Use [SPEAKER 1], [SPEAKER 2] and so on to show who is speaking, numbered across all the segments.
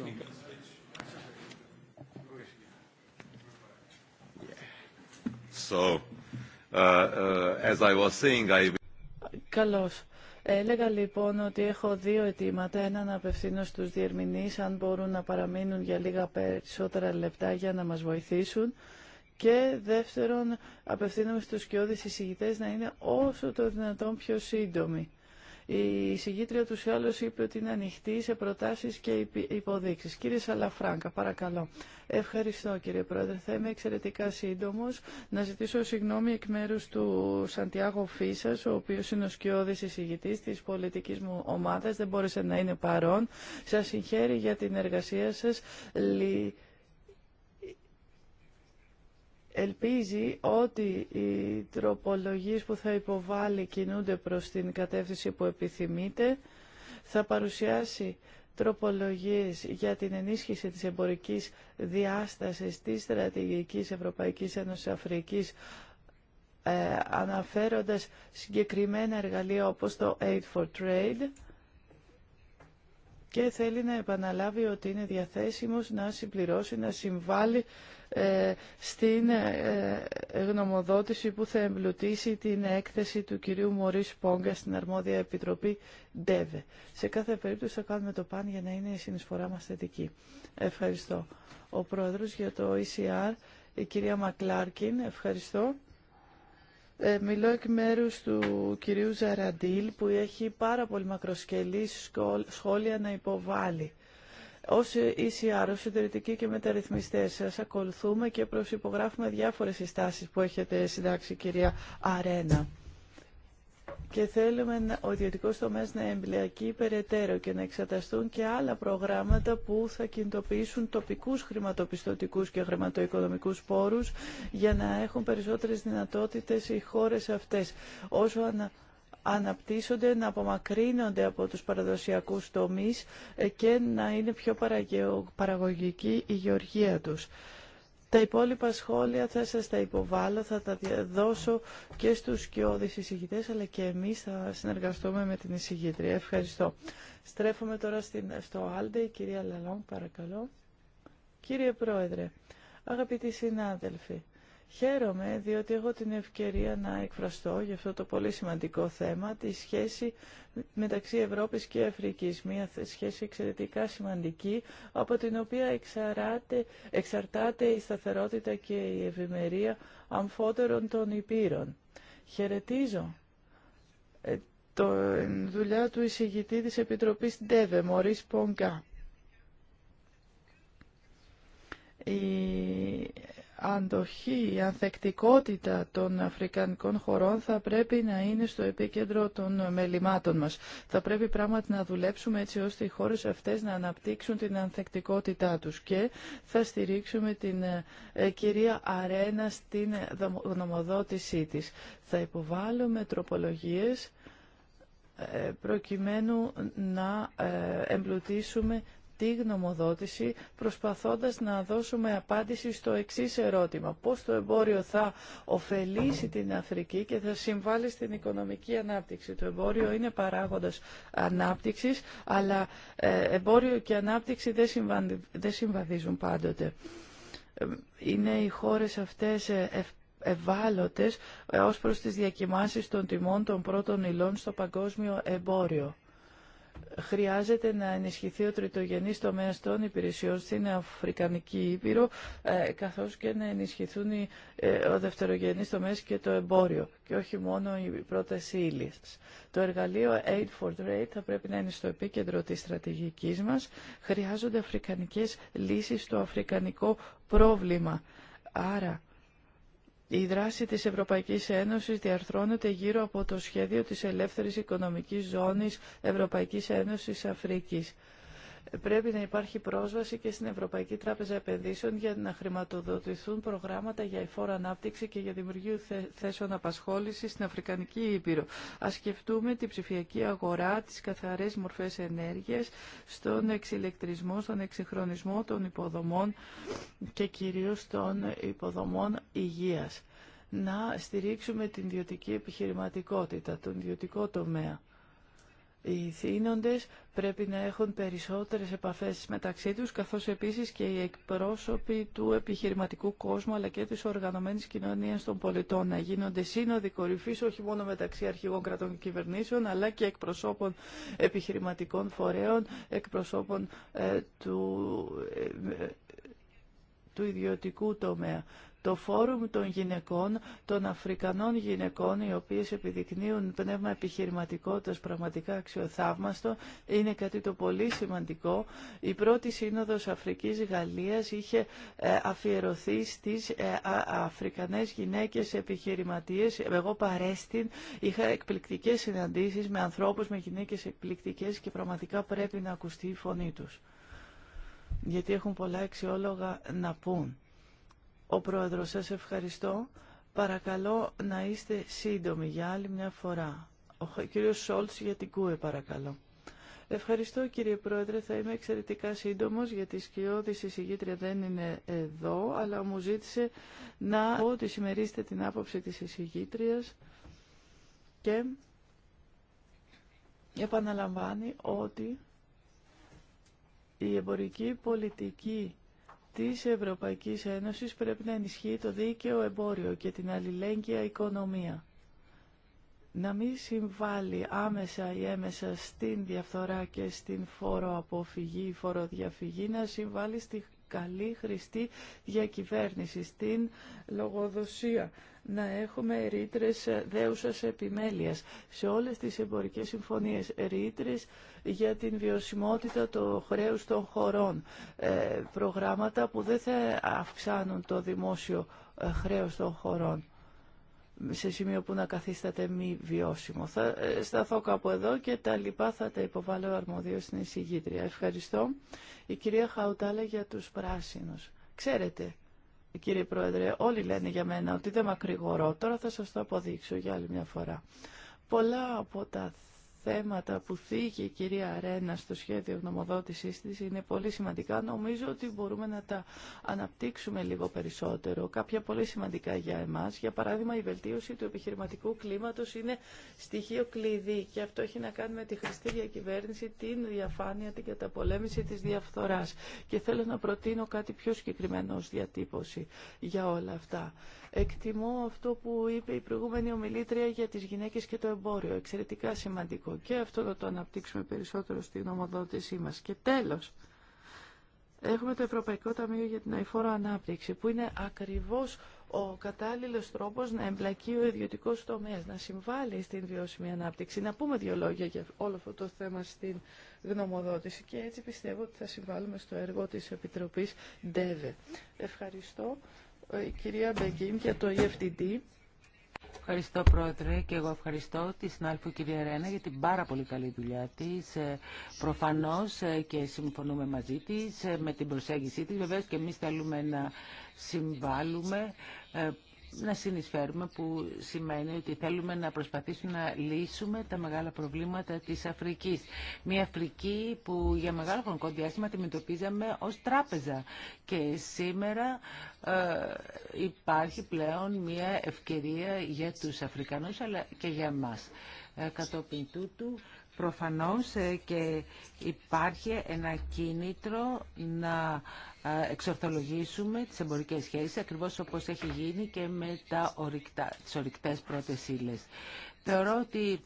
[SPEAKER 1] Uh, uh,
[SPEAKER 2] Καλώς. Έλεγα λοιπόν ότι έχω δύο αιτήματα. Έναν απευθύνω στους διερμηνείς, αν μπορούν να παραμείνουν για λίγα περισσότερα λεπτά για να μας βοηθήσουν. Και δεύτερον, απευθύνομαι στους κοιόδης εισηγητές να είναι όσο το δυνατόν πιο σύντομοι. Η συγγήτρια του άλλως είπε ότι είναι ανοιχτή σε προτάσεις και υποδείξεις. Κύριε Σαλαφράγκα, παρακαλώ. Ευχαριστώ κύριε Πρόεδρε. Θα είμαι εξαιρετικά σύντομος. Να ζητήσω συγγνώμη εκ μέρους του Σαντιάγο Φίσας, ο οποίος είναι ο σκιώδης εισηγητής της πολιτικής μου ομάδας. Δεν μπόρεσε να είναι παρόν. Σας συγχαίρει για την εργασία σας ελπίζει ότι οι τροπολογίες που θα υποβάλει κινούνται προς την κατεύθυνση που επιθυμείτε. Θα παρουσιάσει τροπολογίες για την ενίσχυση της εμπορικής διάστασης της στρατηγικής Ευρωπαϊκής Ένωσης Αφρικής ε, αναφέροντας συγκεκριμένα εργαλεία όπως το Aid for Trade και θέλει να επαναλάβει ότι είναι διαθέσιμος να συμπληρώσει, να συμβάλλει ε, στην ε, ε, γνωμοδότηση που θα εμπλουτίσει την έκθεση του κυρίου Μωρίς Πόγκα στην αρμόδια επιτροπή ΝΤΕΒΕ. Σε κάθε περίπτωση θα κάνουμε το παν για να είναι η συνεισφορά μας θετική. Ευχαριστώ. Ο Πρόεδρος για το ECR, η κυρία Μακλάρκιν, ευχαριστώ. Ε, μιλώ εκ μέρου του κυρίου Ζαραντήλ που έχει πάρα πολύ μακροσκελή σχόλια να υποβάλει. Ω ECR, ω συντηρητικοί και μεταρρυθμιστέ, σα ακολουθούμε και προσυπογράφουμε διάφορε συστάσει που έχετε συντάξει κυρία Αρένα και θέλουμε ο ιδιωτικό τομέα να εμπλιακεί περαιτέρω και να εξαταστούν και άλλα προγράμματα που θα κινητοποιήσουν τοπικού χρηματοπιστωτικού και χρηματοοικονομικού πόρου για να έχουν περισσότερε δυνατότητε οι χώρε αυτέ. Όσο αναπτύσσονται, να απομακρύνονται από τους παραδοσιακούς τομείς ε, και να είναι πιο παραγωγική η γεωργία τους. Τα υπόλοιπα σχόλια θα σας τα υποβάλω, θα τα δώσω και στους κοιόδης εισηγητές, αλλά και εμείς θα συνεργαστούμε με την εισηγήτρια. Ευχαριστώ. Στρέφομαι τώρα στην, στο Άλντε, η κυρία Λαλόν, παρακαλώ. Κύριε Πρόεδρε, αγαπητοί συνάδελφοι, Χαίρομαι διότι έχω την ευκαιρία να εκφραστώ για αυτό το πολύ σημαντικό θέμα, τη σχέση μεταξύ Ευρώπης και Αφρικής. Μια σχέση εξαιρετικά σημαντική, από την οποία εξαρτάται η σταθερότητα και η ευημερία αμφότερων των υπήρων. Χαιρετίζω ε, το ε, δουλειά του εισηγητή της Επιτροπής ΝΤΕΒΕ, Μωρίς Πονκά αντοχή, η ανθεκτικότητα των αφρικανικών χωρών θα πρέπει να είναι στο επίκεντρο των μελημάτων μας. Θα πρέπει πράγματι να δουλέψουμε έτσι ώστε οι χώρες αυτές να αναπτύξουν την ανθεκτικότητά τους και θα στηρίξουμε την ε, κυρία Αρένα στην γνωμοδότησή της. Θα υποβάλλουμε τροπολογίες ε, προκειμένου να ε, εμπλουτίσουμε τη γνωμοδότηση προσπαθώντας να δώσουμε απάντηση στο εξής ερώτημα. Πώς το εμπόριο θα ωφελήσει την Αφρική και θα συμβάλλει στην οικονομική ανάπτυξη. Το εμπόριο είναι παράγοντας ανάπτυξης, αλλά ε, εμπόριο και ανάπτυξη δεν συμβαδίζουν πάντοτε. Είναι οι χώρες αυτές ε, ευάλωτες ε, ως προς τις διακοιμάνσεις των τιμών των πρώτων υλών στο παγκόσμιο εμπόριο χρειάζεται να ενισχυθεί ο τριτογενής τομέας των υπηρεσιών στην Αφρικανική Ήπειρο, ε, καθώς και να ενισχυθούν οι, ε, ο δευτερογενής τομέας και το εμπόριο, και όχι μόνο η πρόταση ύλη. Το εργαλείο Aid for Trade θα πρέπει να είναι στο επίκεντρο της στρατηγικής μας. Χρειάζονται αφρικανικές λύσεις στο αφρικανικό πρόβλημα. Άρα, η δράση της Ευρωπαϊκής Ένωσης διαρθρώνεται γύρω από το σχέδιο της ελεύθερης οικονομικής ζώνης Ευρωπαϊκής Ένωσης Αφρικής πρέπει να υπάρχει πρόσβαση και στην Ευρωπαϊκή Τράπεζα Επενδύσεων για να χρηματοδοτηθούν προγράμματα για εφόρα ανάπτυξη και για δημιουργία θέσεων απασχόληση στην Αφρικανική Ήπειρο. Α σκεφτούμε την ψηφιακή αγορά, τι καθαρέ μορφέ ενέργεια, στον εξηλεκτρισμό, στον εξυγχρονισμό των υποδομών και κυρίω των υποδομών υγεία. Να στηρίξουμε την ιδιωτική επιχειρηματικότητα, τον ιδιωτικό τομέα οι θύνοντες πρέπει να έχουν περισσότερες επαφές μεταξύ τους, καθώς επίσης και οι εκπρόσωποι του επιχειρηματικού κόσμου, αλλά και της οργανωμένης κοινωνίας των πολιτών, να γίνονται σύνοδοι κορυφής, όχι μόνο μεταξύ αρχηγών κρατών και κυβερνήσεων, αλλά και εκπροσώπων επιχειρηματικών φορέων, εκπροσώπων ε, του, ε, ε, του ιδιωτικού τομέα το Φόρουμ των Γυναικών, των Αφρικανών Γυναικών, οι οποίες επιδεικνύουν πνεύμα επιχειρηματικότητας πραγματικά αξιοθαύμαστο, είναι κάτι το πολύ σημαντικό. Η πρώτη Σύνοδος Αφρικής Γαλλίας είχε ε, αφιερωθεί στις ε, Αφρικανές γυναίκες επιχειρηματίες. Εγώ παρέστην, είχα εκπληκτικές συναντήσεις με ανθρώπους, με γυναίκες εκπληκτικές και πραγματικά πρέπει να ακουστεί η φωνή τους. Γιατί έχουν πολλά αξιόλογα να πούν. Ο Πρόεδρος, σας ευχαριστώ. Παρακαλώ να είστε σύντομοι για άλλη μια φορά. Ο κύριος Σόλτς για την ΚΟΕ, παρακαλώ. Ευχαριστώ κύριε Πρόεδρε, θα είμαι εξαιρετικά σύντομος γιατί η σκιώδη εισηγήτρια δεν είναι εδώ, αλλά μου ζήτησε να πω ότι την άποψη της εισηγήτριας και επαναλαμβάνει ότι η εμπορική πολιτική της Ευρωπαϊκής Ένωσης πρέπει να ενισχύει το δίκαιο εμπόριο και την αλληλέγγυα οικονομία. Να μην συμβάλλει άμεσα ή έμεσα στην διαφθορά και στην φοροαποφυγή ή φοροδιαφυγή, να συμβάλλει στη καλή χρηστή διακυβέρνηση, στην λογοδοσία, να έχουμε ρήτρε δέουσας επιμέλειας σε όλες τις εμπορικές συμφωνίες, ρήτρε για την βιωσιμότητα του χρέους των χωρών, ε, προγράμματα που δεν θα αυξάνουν το δημόσιο ε, χρέος των χωρών σε σημείο που να καθίσταται μη βιώσιμο. Θα ε, σταθώ κάπου εδώ και τα λοιπά θα τα υποβάλω αρμοδίω στην εισηγήτρια. Ευχαριστώ. Η κυρία Χαουτάλα για τους πράσινους. Ξέρετε, κύριε Πρόεδρε, όλοι λένε για μένα ότι δεν μακρηγορώ. Τώρα θα σας το αποδείξω για άλλη μια φορά. Πολλά από τα θέματα που θίγει η κυρία Αρένα στο σχέδιο γνωμοδότησής της είναι πολύ σημαντικά. Νομίζω ότι μπορούμε να τα αναπτύξουμε λίγο περισσότερο. Κάποια πολύ σημαντικά για εμάς. Για παράδειγμα, η βελτίωση του επιχειρηματικού κλίματος είναι στοιχείο κλειδί και αυτό έχει να κάνει με τη χρηστή διακυβέρνηση, την διαφάνεια, την καταπολέμηση της διαφθοράς. Και θέλω να προτείνω κάτι πιο συγκεκριμένο ως διατύπωση για όλα αυτά. Εκτιμώ αυτό που είπε η προηγούμενη ομιλήτρια για τις γυναίκες και το εμπόριο. Εξαιρετικά σημαντικό και αυτό θα το αναπτύξουμε περισσότερο στη γνωμοδότησή μας. Και τέλος, έχουμε το Ευρωπαϊκό Ταμείο για την Αηφόρο Ανάπτυξη, που είναι ακριβώς ο κατάλληλος τρόπος να εμπλακεί ο ιδιωτικός τομέας, να συμβάλλει στην βιώσιμη ανάπτυξη, να πούμε δύο λόγια για όλο αυτό το θέμα στην γνωμοδότηση και έτσι πιστεύω ότι θα συμβάλλουμε στο έργο της Επιτροπής ΔΕΒΕ. Ευχαριστώ ε, κυρία Μπεγκίν για το
[SPEAKER 1] EFTD. Ευχαριστώ Πρόεδρε και εγώ ευχαριστώ τη συνάλφου κυρία Ρένα για την πάρα πολύ καλή δουλειά της. Ε, προφανώς ε, και συμφωνούμε μαζί της ε, με την προσέγγιση της. Βεβαίως και εμείς θέλουμε να συμβάλλουμε να συνεισφέρουμε που σημαίνει ότι θέλουμε να προσπαθήσουμε να λύσουμε τα μεγάλα προβλήματα της Αφρικής. Μια Αφρική που για μεγάλο χρονικό διάστημα αντιμετωπίζαμε ως τράπεζα και σήμερα ε, υπάρχει πλέον μια ευκαιρία για τους Αφρικανούς αλλά και για μας. Ε, κατόπιν τούτου προφανώς ε, και υπάρχει ένα κίνητρο να εξορθολογήσουμε τις εμπορικές σχέσεις ακριβώς όπως έχει γίνει και με τα ορυκτά, τις ορυκτές πρώτες Θεωρώ ότι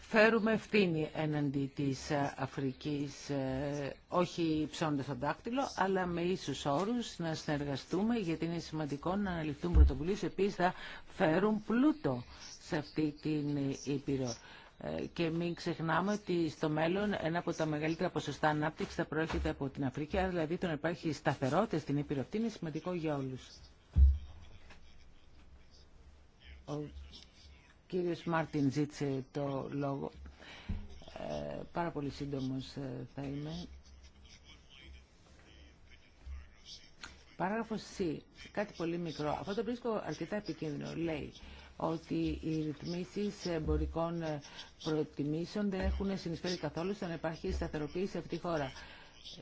[SPEAKER 1] φέρουμε ευθύνη εναντί της ε, Αφρικής, ε, όχι ψώντας τον δάκτυλο, αλλά με ίσους όρους να συνεργαστούμε γιατί είναι σημαντικό να αναλυθούν πρωτοβουλίες. Επίσης θα φέρουν πλούτο σε αυτή την ε, Ήπειρο και μην ξεχνάμε ότι στο μέλλον ένα από τα μεγαλύτερα ποσοστά ανάπτυξη θα προέρχεται από την Αφρική, άρα δηλαδή το να υπάρχει σταθερότητα στην Ήπειρο αυτή είναι σημαντικό για όλους. Ο κύριος Μάρτιν ζήτησε το λόγο. Ε, πάρα πολύ σύντομος ε, θα είμαι. Παράγραφος C, κάτι πολύ μικρό. Αυτό το βρίσκω αρκετά επικίνδυνο. Λέει ότι οι ρυθμίσεις εμπορικών προτιμήσεων δεν έχουν συνεισφέρει καθόλου στο να υπάρχει σταθεροποίηση αυτή τη χώρα.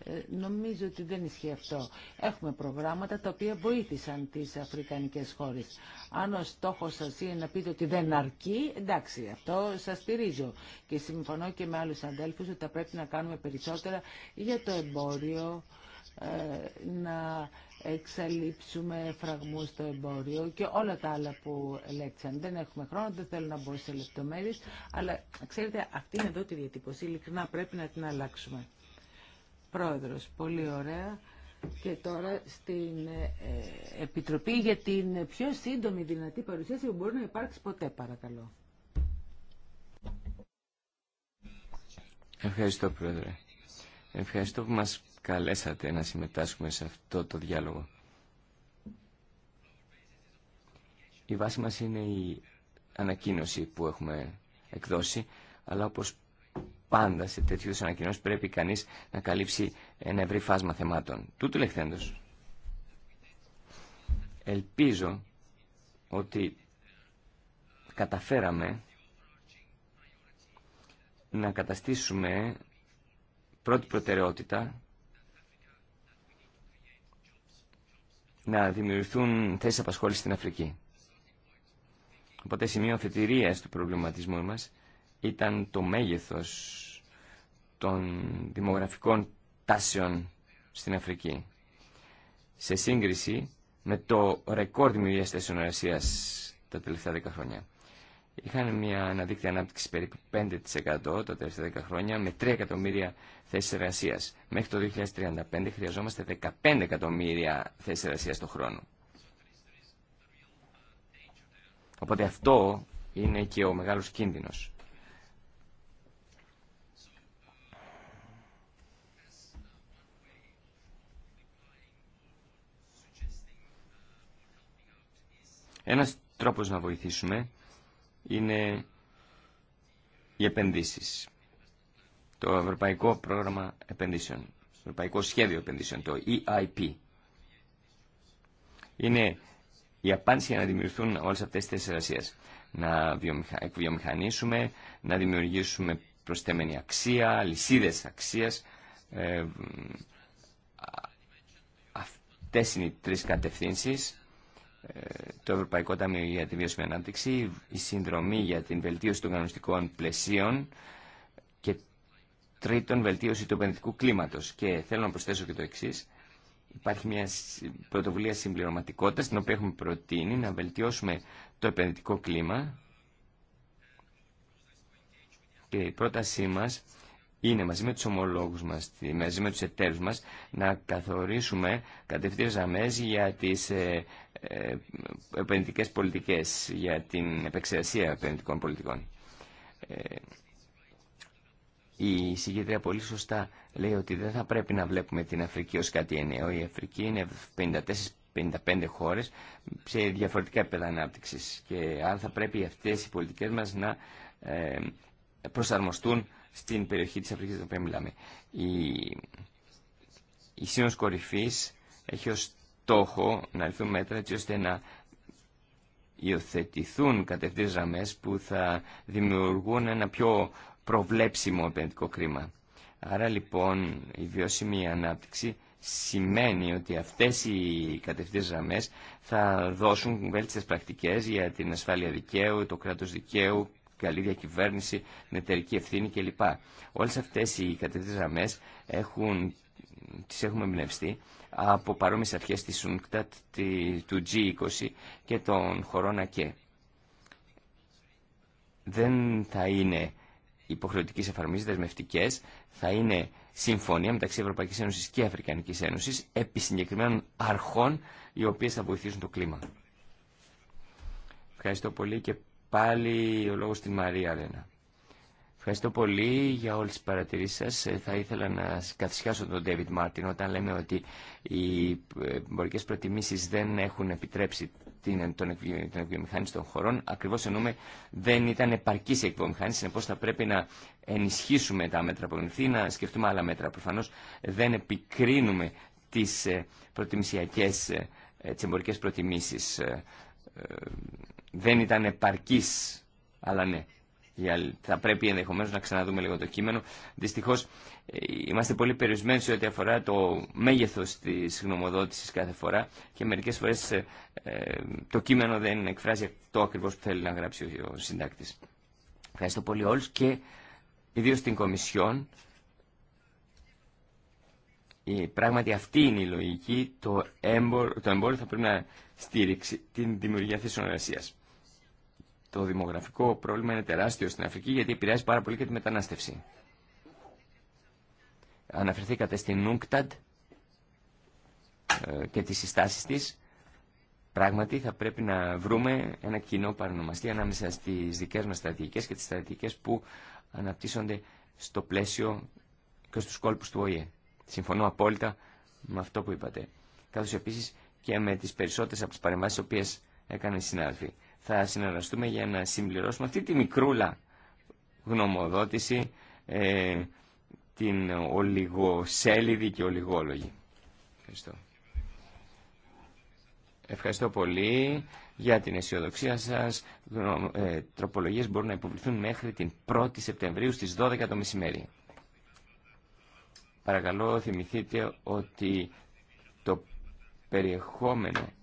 [SPEAKER 1] Ε, νομίζω ότι δεν ισχύει αυτό. Έχουμε προγράμματα τα οποία βοήθησαν τις αφρικανικές χώρες. Αν ο στόχος σας είναι να πείτε ότι δεν αρκεί, εντάξει, αυτό σας στηρίζω. Και συμφωνώ και με άλλους αντέλφους ότι θα πρέπει να κάνουμε περισσότερα για το εμπόριο, ε, να εξαλείψουμε φραγμού στο εμπόριο και όλα τα άλλα που ελέγξαν. Δεν έχουμε χρόνο, δεν θέλω να μπω σε λεπτομέρειε, αλλά ξέρετε, αυτή είναι εδώ τη διατύπωση. Ειλικρινά πρέπει να την αλλάξουμε. Πρόεδρο πολύ ωραία. Και τώρα στην ε, Επιτροπή για την πιο σύντομη δυνατή παρουσίαση που μπορεί να υπάρξει ποτέ, παρακαλώ.
[SPEAKER 3] Ευχαριστώ, Πρόεδρε. Ευχαριστώ που μας καλέσατε να συμμετάσχουμε σε αυτό το διάλογο. Η βάση μας είναι η ανακοίνωση που έχουμε εκδώσει, αλλά όπως πάντα σε τέτοιου ανακοινώσεις πρέπει κανείς να καλύψει ένα ευρύ φάσμα θεμάτων. Τούτου λεχθέντος. Ελπίζω ότι καταφέραμε να καταστήσουμε πρώτη προτεραιότητα να δημιουργηθούν θέσει απασχόλησης στην Αφρική. Οπότε σημείο θετηρία του προβληματισμού μας ήταν το μέγεθος των δημογραφικών τάσεων στην Αφρική. Σε σύγκριση με το ρεκόρ δημιουργία θέσεων εργασία τα τελευταία δέκα χρόνια είχαν μια αναδείκτη ανάπτυξη περίπου 5% τα τελευταία 10 χρόνια με 3 εκατομμύρια θέσεις εργασία. Μέχρι το 2035 χρειαζόμαστε 15 εκατομμύρια θέσεις εργασία το χρόνο. Οπότε αυτό είναι και ο μεγάλος κίνδυνος. Ένας τρόπος να βοηθήσουμε είναι οι επενδύσεις. Το Ευρωπαϊκό Πρόγραμμα Επενδύσεων, το Ευρωπαϊκό Σχέδιο Επενδύσεων, το EIP. Είναι η απάντηση για να δημιουργηθούν όλες αυτές τις Να εκβιομηχανίσουμε, να δημιουργήσουμε προσθέμενη αξία, λυσίδες αξίας. Ε, αυτές είναι οι τρεις κατευθύνσεις το Ευρωπαϊκό Ταμείο για τη Βιώσιμη Ανάπτυξη, η συνδρομή για την βελτίωση των κανονιστικών πλαισίων και τρίτον βελτίωση του επενδυτικού κλίματος. Και θέλω να προσθέσω και το εξή. Υπάρχει μια πρωτοβουλία συμπληρωματικότητα, την οποία έχουμε προτείνει να βελτιώσουμε το επενδυτικό κλίμα. Και η πρότασή μας είναι μαζί με τους ομολόγους μας, μαζί με του εταίρου μα, να καθορίσουμε κατευθείαν για τι. Ε, ε, επενδυτικέ πολιτικέ για την επεξεργασία επενδυτικών πολιτικών. Ε, η συγκεντρία πολύ σωστά λέει ότι δεν θα πρέπει να βλέπουμε την Αφρική ως κάτι ενιαίο. Η Αφρική είναι 54-55 χώρες σε διαφορετικά επίπεδα ανάπτυξης και αν θα πρέπει αυτές οι πολιτικές μας να ε, προσαρμοστούν στην περιοχή της Αφρικής, την μιλάμε. Η, η Σύνος Κορυφής έχει ως στόχο να λυθούν μέτρα έτσι ώστε να υιοθετηθούν κατευθείαν γραμμέ που θα δημιουργούν ένα πιο προβλέψιμο επενδυτικό κρίμα. Άρα λοιπόν η βιώσιμη ανάπτυξη σημαίνει ότι αυτές οι κατευθείαν γραμμέ θα δώσουν βέλτιστες πρακτικές για την ασφάλεια δικαίου, το κράτος δικαίου, καλή διακυβέρνηση, την εταιρική ευθύνη κλπ. Όλες αυτές οι κατευθείαν γραμμέ έχουν τις έχουμε εμπνευστεί από παρόμοιες αρχές της τη, του G20 και των χωρών ΑΚΕ. Δεν θα είναι υποχρεωτικέ εφαρμογή δεσμευτικέ, θα είναι συμφωνία μεταξύ Ευρωπαϊκή Ένωση και Αφρικανικής Ένωση επί συγκεκριμένων αρχών οι οποίε θα βοηθήσουν το κλίμα. Ευχαριστώ πολύ και πάλι ο λόγο στην Μαρία Ρένα. Ευχαριστώ πολύ για όλες τις παρατηρήσεις σας. Ε, θα ήθελα να καθισιάσω τον David Μάρτιν όταν λέμε ότι οι ε, εμπορικές προτιμήσεις δεν έχουν επιτρέψει την, τον, εκβιομηχάνηση των χωρών. Ακριβώς εννοούμε δεν ήταν επαρκής η εκβιομηχάνηση, συνεπώς θα πρέπει να ενισχύσουμε τα μέτρα που ληφθεί, να σκεφτούμε άλλα μέτρα. Προφανώς δεν επικρίνουμε τις ε, προτιμησιακές, τις εμπορικές προτιμήσεις. Δεν ήταν επαρκής, αλλά ναι θα πρέπει ενδεχομένω να ξαναδούμε λίγο το κείμενο. Δυστυχώ, ε, είμαστε πολύ περιορισμένοι σε ό,τι αφορά το μέγεθος της γνωμοδότησης κάθε φορά και μερικές φορές ε, ε, το κείμενο δεν εκφράζει το ακριβώς που θέλει να γράψει ο συντάκτη. Ευχαριστώ πολύ όλου και ιδίω την Κομισιόν. Η, πράγματι αυτή είναι η λογική. Το εμπόριο, θα πρέπει να στήριξει την δημιουργία θέσεων το δημογραφικό πρόβλημα είναι τεράστιο στην Αφρική γιατί επηρεάζει πάρα πολύ και τη μετανάστευση. Αναφερθήκατε στην Νούγκταντ ε, και τις συστάσεις της. Πράγματι θα πρέπει να βρούμε ένα κοινό παρονομαστή ανάμεσα στις δικές μας στρατηγικές και τις στρατηγικές που αναπτύσσονται στο πλαίσιο και στους κόλπους του ΟΗΕ. Συμφωνώ απόλυτα με αυτό που είπατε. Καθώς επίσης και με τις περισσότερες από τις παρεμβάσεις που οποίες έκανε οι συνάδελφοι θα συνεργαστούμε για να συμπληρώσουμε αυτή τη μικρούλα γνωμοδότηση, ε, την ολιγοσέλιδη και ολιγόλογη. Ευχαριστώ. Ευχαριστώ πολύ για την αισιοδοξία σας. Ε, τροπολογίες μπορούν να υποβληθούν μέχρι την 1η Σεπτεμβρίου στις 12 το μεσημέρι. Παρακαλώ θυμηθείτε ότι το περιεχόμενο